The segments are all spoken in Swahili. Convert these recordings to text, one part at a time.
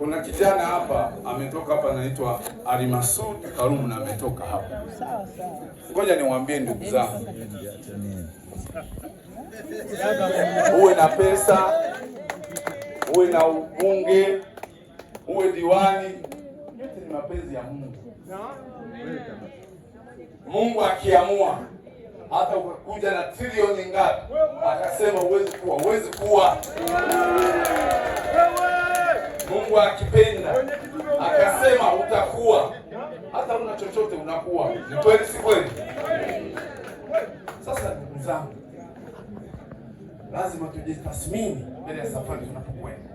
Kuna kijana hapa ametoka hapa anaitwa Alimasudi Karumu na ametoka hapa. Ngoja niwaambie ndugu zangu, uwe na pesa, uwe na ubunge, uwe diwani, yote ni mapenzi ya Mungu. Mungu akiamua hata ukakuja na trilioni ngapi, akasema uwezi kuwa, uwezi kuwa Mungu akipenda akasema utakuwa, hata una chochote unakuwa. Ni kweli, si kweli? Sasa ndugu zangu, lazima tujitathmini mbele ya safari tunapokwenda.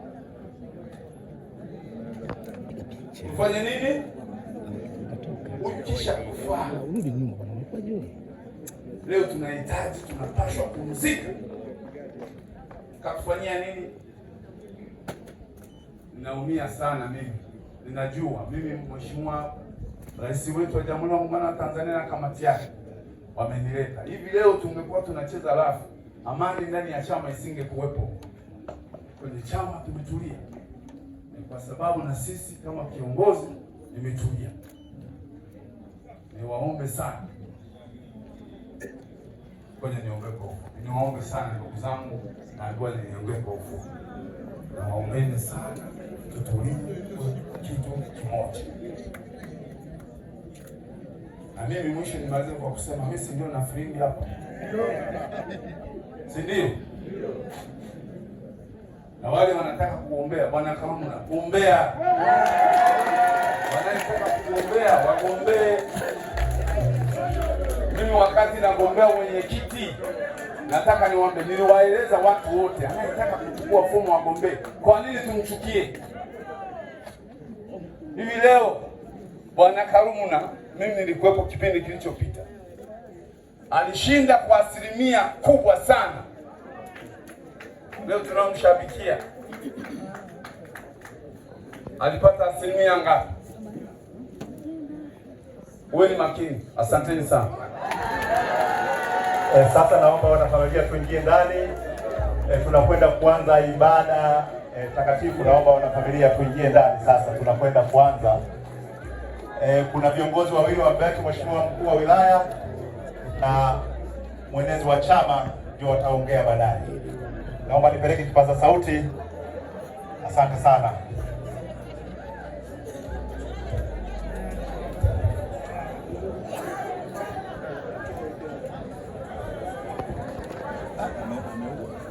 Ufanye nini ukisha kufaa? Leo tunahitaji tunapashwa kumzika, kakufanyia nini? naumia sana mimi, ninajua mimi Mheshimiwa Rais wetu wa Jamhuri ya Muungano wa Tanzania na kamati yake wamenileta hivi leo. Tungekuwa tunacheza rafu, amani ndani ya chama isingekuwepo. Kwenye chama tumetulia, ni kwa sababu na sisi kama kiongozi nimetulia. Niwaombe sana kwenye niongee kwa ufupi. Niwaombe sana ndugu zangu, najua niliongea kwa ufupi, nawaombeni sana tutulie kitu kimoja. Na mimi mwisho nimalize kwa kusema mimi si ndio na friend hapa, si ndio? Na wale wanataka kuombea bwana kama mnagombea, wanataka kugombea wagombee mimi wakati nagombea kiti nataka niwaambie, niliwaeleza watu wote, anayetaka kuchukua fomu wagombee. Kwa nini tumchukie? Hivi leo bwana Karumuna, mimi nilikuwepo kipindi kilichopita, alishinda kwa asilimia kubwa sana. Leo tunamshabikia alipata asilimia ngapi? Uweni makini, asanteni sana. E, sasa naomba wanafamilia tuingie ndani. E, tunakwenda kuanza ibada e, takatifu. Naomba wanafamilia tuingie ndani sasa, tunakwenda kuanza. E, kuna viongozi wawili wa BEC, mheshimiwa mkuu wa wilaya na mwenezi wa chama ndio wataongea baadaye. Naomba nipeleke kipaza sauti. Asante sana. 没，没我。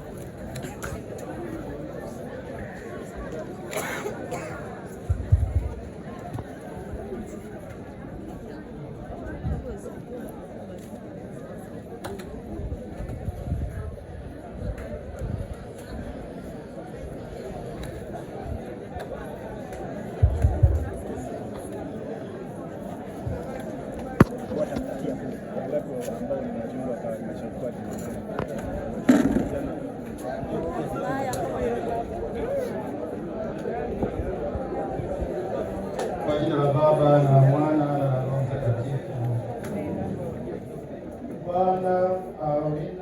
jina la Baba na Mwana na Roho Mtakatifu. Bwana awe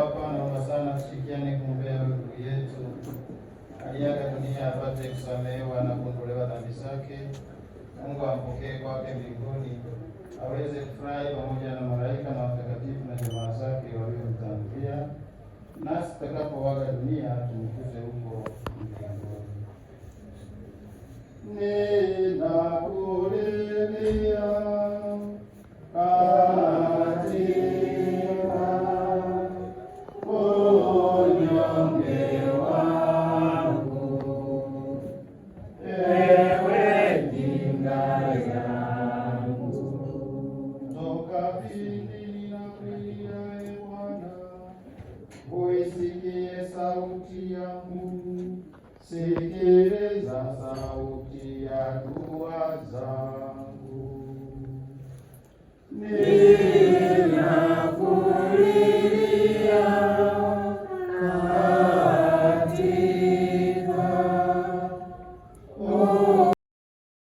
hapa naomba sana tushirikiane kumwombea ndugu yetu aliaga dunia apate kusamehewa na kuondolewa dhambi zake. Mungu ampokee kwake mbinguni aweze kufurahi pamoja na malaika na watakatifu na jamaa zake waliomtangulia, nasi tutakapoaga dunia tumkuze huko mkangoni sikiliza sauti ya dua zangu.